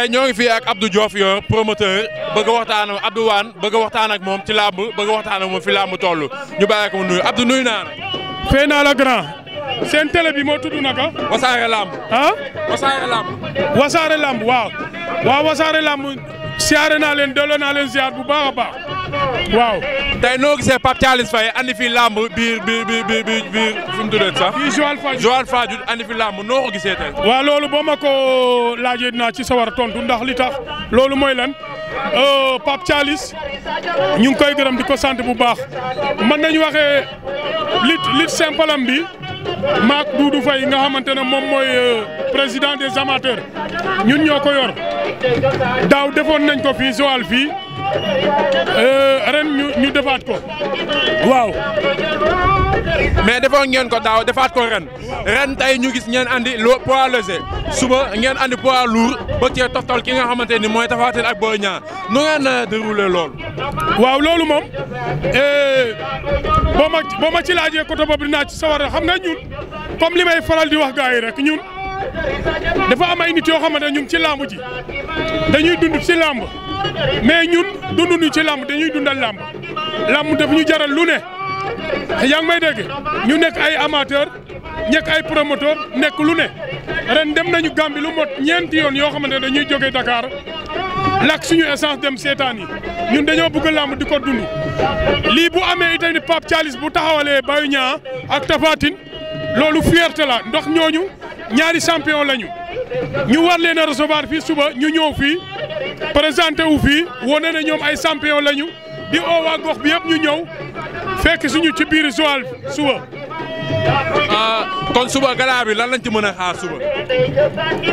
tey ñoo ngi fii ak Abdou Diouf promoteur bëgg a waxtaan ak Abdou Wane a waxtaan ak moom ci làmb bëgg a waxtaan ak moom fi làmb toll ñu bàyyi ko mu nuyu Abdou nuyu naa la. fay grand. seen télé bi moo tudd naka. wasaare làmb. ah wasaare làmb. wasaare làmb waaw. waaw wasaare làmb siyaare naa leen delloo naa leen ziar bu baax a waaw. tey noo gisee Pape Thialis Faye andi fi làmb biir biir biir biir biir fi mu sax. fii Joal Fadiouth Joal andi fi làmb noo ko gisee tey. waaw loolu boo ma ko laajee dinaa ci sawar a tontu ndax li tax loolu mooy lan euh, Pape Thialis ñu ngi koy gërëm di ko sant bu baax mën nañu waxee lit lit bi. maak Doudou Faye nga xamante ne moom mooy euh, président des amateurs ñun ñoo ko yor daaw defoon nañ ko fii Joal fii Euh, ren ñu ñu defaat ko waaw. mais defoon ngeen ko daaw defaat ko ren ren tey ñu gis ngeen andi lo poids léger suba ngeen andi poids lourd ba cee toftal ki nga xamante ni mooy Tapha Tine ak Boy Niang nu ngeen euh, déroulé loolu. waaw loolu moom euh, boo ma boo ma ci laajee côté boobu dinaa ci sawar xam nga ñun comme li faral di wax gars rek ñun. dafa am ay yoo xamante ne ñu ngi ci làmb ji dañuy dund ci làmb mais ñun dunduñu ci làmb dañuy dundal làmb làmb daf ñu jaral lu ne yaa ngi may dégg ñu nekk ay amateur nekk ay promoteur nekk lu ne ren dem nañu Gàmbi lu mot ñeenti yoon yoo xamante ne dañuy jógee Dakar lak suñu essence dem seetaan yi ñun dañoo bëgg làmb di ko dund lii bu amee itamit Pape Thialis bu taxawalee Baye Niang ak Tapha Tine loolu fierté la ndox ñooñu ñaari champion lañu ñu war leen a recevoir fii suba ñu ñëw fii présenté wu fii wane ne ñoom ay champion lañu di oo waa gox bi yëpp ñu ñëw fekk suñu ci biir Joal suba. Ah, kon suba gala bi lan lañ ci mën a xaar suba.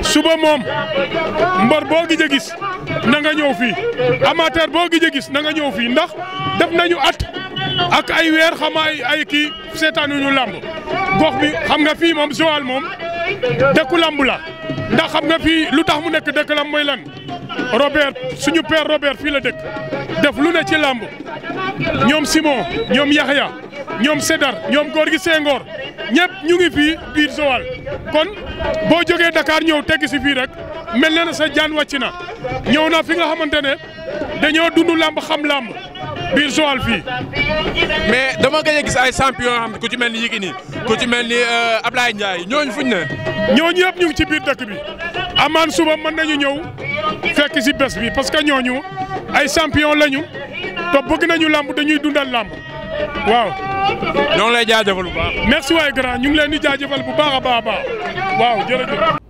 suba moom mbor boo gi a gis na nga ñëw fii amateur boo gi a gis na nga ñëw fii ndax def nañu at ak ay weer xam ay ay kii seetaanuñu làmb gox bi xam nga fii moom Joal moom dëkku làmb la ndax xam nga fii lu tax mu nekk dëkk làmb mooy lan Robert suñu père Robert fii la dëkk def lu ne ci làmb ñoom Simon ñoom Yaxya ñoom Sédar ñoom góor gi Senghor ñëpp ñu ngi fii biir Joal kon boo jógee dakaar ñëw tegg si fii rek mel na ne sa jaan wàcc na ñëw na fi nga xamante ne dañoo dund làmb xam làmb biir Joal fii mais dama gëj a gis ay champion yoo xam ci mel ni Yékini ku ci mel ni euh, Ablaye Ndiaye ñooñu fuñ ne. ñooñu yëpp ñu ngi ci biir dëkk bi amaan suba mën nañu ñëw fekk si bés bi parce que ñooñu ay champion lañu te bëgg nañu lamb dañuy dundal làmb waaw. ñoo ngi lay jaajëfal bu baax. merci waay grand ñu ngi leen di jaajëfal bu baax a baax a waaw jërëjëf.